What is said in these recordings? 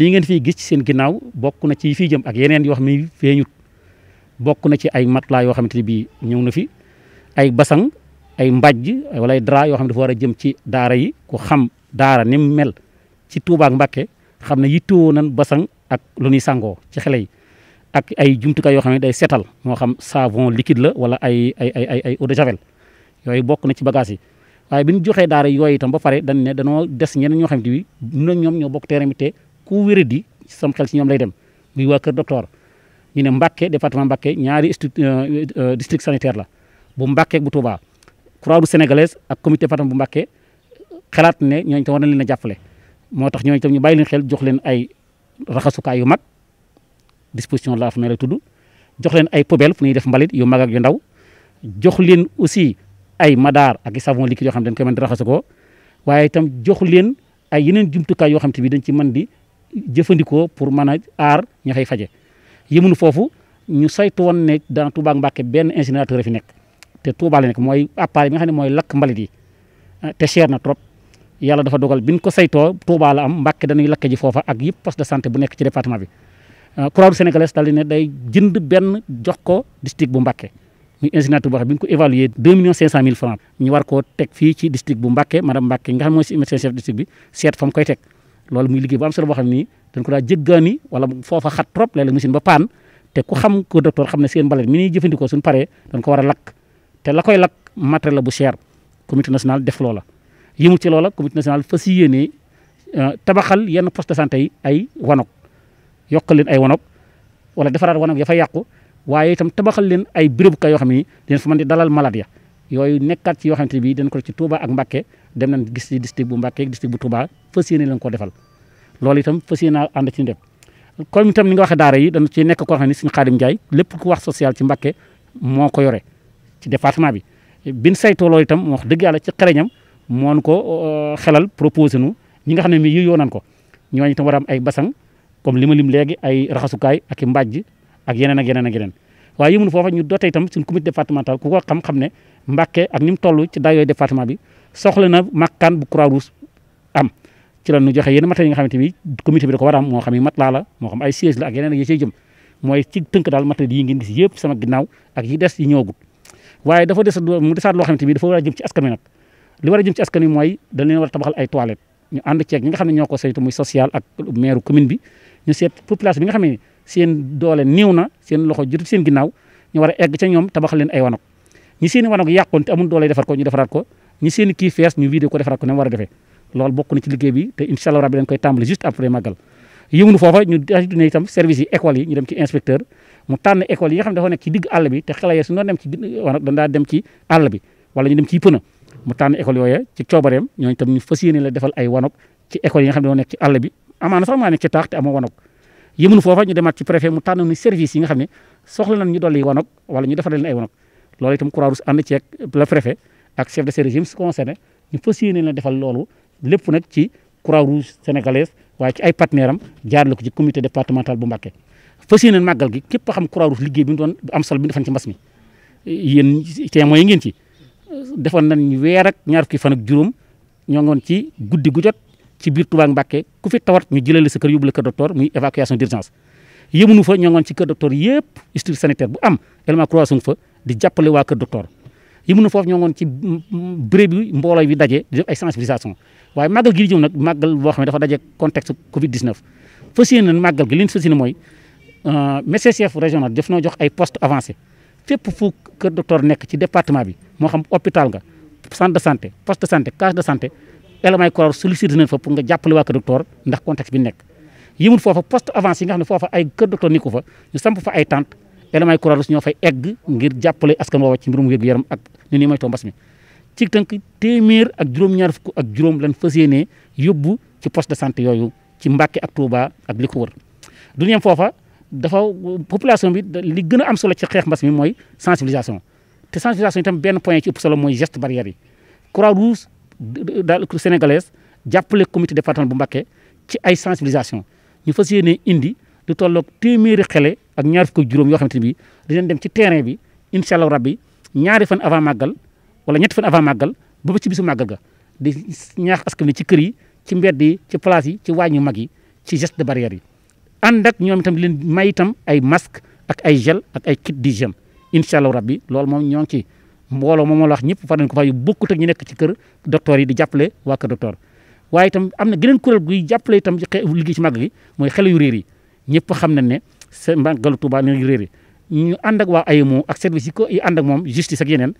lii ngeen fiy gis ci seen ginnaaw bokk na ci fii jëm ak yeneen yoo xam ne feeñut bokk na ci ay matelas yoo xamante ne bii ñëw na fi ay basang ay mbajj wala ay drap yoo xam ne dafa war a jëm ci daara yi ku xam daara ni mu mel ci Touba ak Mbacké xam ne yittewoo nan basan ak lu ñuy sangoo ci xale yi ak ay jumtukaay yoo xam ne day seetal moo xam savon liquide la wala ay ay ay ay ay eau de javel yooyu bokk na ci bagage yi waaye bi ñu joxee daara yooyu itam ba pare dañ ne danoo des ñeneen ñoo xam ne bii ñun ñoom ñoo bokk terrain bi te ku wéré di sam xel si ñoom lay dem muy waa kër docteur ñu ne Mbacké département mbakke ñaari euh, euh, district sanitaire la bu Mbacké bu Touba Croix-Rouge sénégalaise ak comité département bu Mbacké xalaat ne ñooñu tam war nañ leen a jàppale moo tax ñooñu tam ñu bàyyi leen xel jox leen ay raxasukaay yu mag disposition la fa may la tudd jox leen ay poubelle fu ñuy def mbalit yu mag ak yu ndaw jox leen aussi ay madaar ak i savon liquide yoo xam ne dañ koy man di ko waaye itam jox leen ay yeneen jumtukaay yoo xam te bi dañ ci mën di jëfandikoo pour mën a aar ña fay faje yëmunu foofu ñu saytu woon ne dans Touba ak benn incinérateur fi nekk te Touba la nekk mooy appareil bi nga xam ne mooy lakk mbalit yi ah, te cher na trop yàlla dafa dogal bi ñu ko saytoo Touba la am Mbacke dañuy lakke ji foofa ak yëpp poste de santé bu nekk ci département bi ah, Croix-Rouge sénégalaise di ne day jënd benn jox ko district bu Mbacke muy incinérateur boo ko évalué deux millions bu Mbacke madame Mbacke nga xam mooy si médecin chef district bi seet fa koy teg loolu muy liggéey bu am solo boo xam ni dañ ko daa jéggaani wala foofa xat trop léeg-léeg machine ba paan te ku xam ko docteur xam ne seen mbalit mi ñuy jëfandikoo suñ pare dañ ko war a lakk te la koy lakk matériel la bu cher comité national def loola yëmul ci loola comité national fas yéenee euh, tabaxal yenn post de santé ay wanok yokkal leen ay wanok wala defaraat wanok ya fa yàqu waaye itam tabaxal leen ay bérébukaay yoo xam ni dañ fa mën dalal malade yooyu nekkaat ci yoo xamante bi dañ ko ci Touba ak Mbacké dem nañ gis ci district bu Mbacké district bu Touba fas yéene lañ ko defal loolu itam fas yéene ànd ci ndem comme itam ni nga waxee daara yi dañ ci nekk koo xam ne suñu Xaadim Njaay lépp ko wax social ci Mbacké moo ko yore ci département bi bin saytoo loolu itam wax dëgg yàlla ci moo moon ko euh, xelal proposé nu ñi nga xam ne mi yu yoo nan ko ñooñu itam war am ay basang comme li ma lim léegi ay raxasukaay ak i mbàjj ak yeneen a yeneen ak yeneen waaye yëmul foofa ñu dootee itam suñ comité départemental ku ko xam-xam ne Mbàkke ak ni mu toll ci dayooy département bi soxla na makkaan bu Croix-Rouge am ci la ñu joxe yenn matériel yi nga xamante bi ko war a xam yi mat laa moo xam ay siège la ak yeneen ak yi cay jëm mooy ci tënk daal matériel yi ngeen gis yëpp sama ginnaaw ak dafa des mu desaat loo xamante bi dafa war a jëm ay toilettes ñu ànd ceeg ñi nga xam ne ñoo ko saytu muy social ak maire commune bi ñu seet population bi nga xam ne seen doole niiw na seen loxo jotul seen ginnaaw ñu war a egg ca ñoom tabax leen ay wanag ñi seen i wanag yàqoon te amul doole defar ko ñu defaraat ko ñi seen i kii fees ñu vidé ko defaraat ko ne war a defee loolu bokk liggéey bi te yi école yi ñu dem ci inspecteur mu tànn école yi nga xam ne dafa nekk ci digg àll bi te xale ya dem ci wanag dandaa dem ci àll bi wala coobareem ñooñu tam ñu defal ay wanag ci école yi nga xam nekk ci àll bi amaana sax maa nekk ci taax te amoo yëmunu foofa ñu demaat ci préfet mu tànn ñu service yi nga xam ne soxla nañ ñu dolli wanok wala ñu defaral leen ay wanok loolu itam croix rouge ànd ceeg le préfet ak de service yi mu concerné ñu fas yéene la defal loolu lépp nag ci croix rouge sénégalaise waaye ci ay partenaire am jaarale ko ci bu Mbacké fas yéene màggal gi képp xam croix rouge liggéey bi doon am solo bi ñu ci mbas mi yéen yi ngeen ci defoon nañ weer ak ñaar fukki fan ak juróom ñoo ngoon ci gu ci biir Touba Mbacké ku fi tawat ñu jëlee sa kër yóbbu kër docteur muy évacuation d'urgence yëmunu fa ñoo ngoon ci kër docteur yëpp structure sanitaire bu am élément croissance fa di jàppale waa kër docteur yëmunu foofu ñoo ngoon ci béréb bi mbooloo bi daje di def ay sensibilisation waaye màggal gi di jëm nag màggal boo xam ne dafa daje contexte Covid 19. fas yéene màggal gi li ñu fas yéene mooy euh, médecin chef régional def noo jox ay poste avancé fépp fu kër docteur nekk ci département bi moo xam hôpital nga Elamay Koraor sollicité nañ fa pour nga jàppale waa kër docteur ndax contexte bi nekk yëmul foofa poste avance yi nga xam ne foofa ay kër docteur ni ko fa ñu samp fa ay tente Elamay Koraor ñoo fay egg ngir jàppale askan woowa ci mbirum wér-gu-yaram ak ni ñuy moytoo mbas mi ci tënk téeméer ak juróom-ñaar fukk ak juróom lañ fas yéenee yóbbu ci poste de santé yooyu ci Mbàkke ak Touba ak li ko wër du ñeem foofa dafa population bi li gën a am solo ci xeex mbas mi mooy sensibilisation te sensibilisation itam benn point ci ëpp solo mooy geste barrière yi Croix-Rouge daal sénégalaise jàppale comité départemental bu Mbacké ci ay sensibilisation ñu fas yéene indi lu tolloog téeméeri xale ak ñaar fukk juróom yoo xamante bi bii dinañ dem ci terrain bi incha allah rabbi ñaari fan avant màggal wala ñetti fan avant màggal ba ci bisu màggal ga di ñaax askan wi ci kër yi ci mbedd yi ci place yi ci waañ yu mag yi ci geste de barrière yi ànd ak ñoom itam leen may itam ay masque ak ay gel ak ay kit d'hygiène incha allah rabbi loolu moom ñoo ngi ci mbooloo moom la wax ñëpp far nañ ko fa yu bokkut ak ñu nekk ci kër docteur yi di jàppale waa kër docteur waaye itam am na geneen kuréel guy jàppale itam liggéey ci màgg gi mooy xale yu réer yi ñëpp xam nañ ne seen màggalu Tuuba ni réer yi ñu ànd ak waa AMO ak service ko yi ànd ak moom justice ak yeneen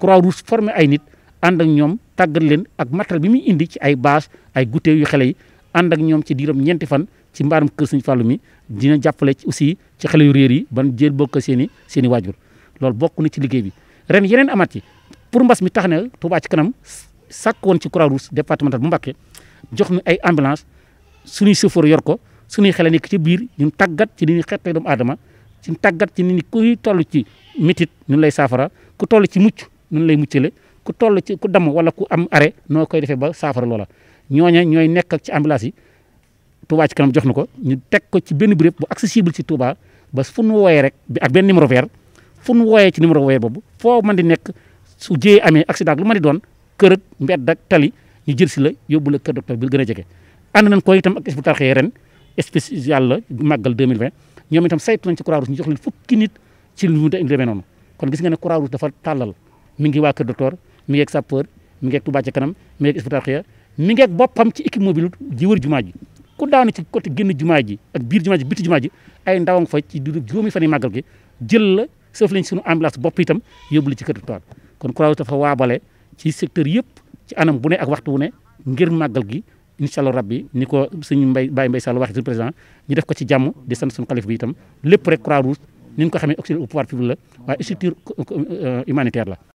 croix rouge formé ay nit ànd ak ñoom tàggat leen ak matériel bi muy indi ci ay bâche ay goûter yu xale yi ànd ak ñoom ci diiram ñeenti fan ci mbaaram kër Sëñ Fallu mi dina jàppale aussi ci xale yu réer yi ban jël bokk seeni seeni waajur loolu bokk na ci liggéey bi ren yeneen amat yi pour mbas mi tax na Touba kanam sàkk woon ci Croix-Rouge départemental bu Mbacké jox ñu ay ambulance suñuy chauffeur yor ko suñuy xel nekk ci biir ñun tàggat ci ni ñuy xettee doomu aadama ci tàggat ci ni kuy toll ci métit ñun lay saafara ku toll ci mucc ñun lay muccee muccale ku toll ci ku damm wala ku am arrêt noo koy defee ba saafara loola ñooña ñooy nekk ak ci ambulance yi Touba ci kanam jox na ko ñun teg ko ci benn béréb bu accessible ci Touba ba fu nu wooyee rek bi ak benn numéro vert fu nu wooyee ci numéro wooyee boobu foo mën nekk su jiyee amee accident lu ma di doon kër ak mbedd ak tali ñu jël si la yóbbu la kër docteur bi gën a jege. ànd nañ ko tam ak Hizbut Tarqiyyah ren spécial la màggal 2020 ñoom itam saytu nañ ci Croix-Rouge ñu jox leen fukki nit ci lu demee noonu kon gis nga ne Croix-Rouge dafa tàllal mi ngi waa kër docteur mi ngi ak sapeur mi ngi ak ca kanam mi ngi ak boppam ci équipe mobile ji wër jumaa ji ku daanu ci côté génn jumaa ji ak biir jumaa ji biti jumaa ji ay ndawang fa ci juróomi fan yi màggal gi jël la sëf lañ suñu ambulance bopp itam yóbbu la ci kër tool kon Croix-Rouge dafa waabale ci secteur yëpp ci anam bu ne ak waxtu wu ne ngir màggal gi incha allah rabbi ni ko suñu mbay Baye Mbaye Sall waxee président ñu def ko ci jàmm di sant suñu xalif bi itam lépp rek Croix-Rouge ni ñu ko xamee auxiliaire au pouvoir public la waaye structure euh, humanitaire la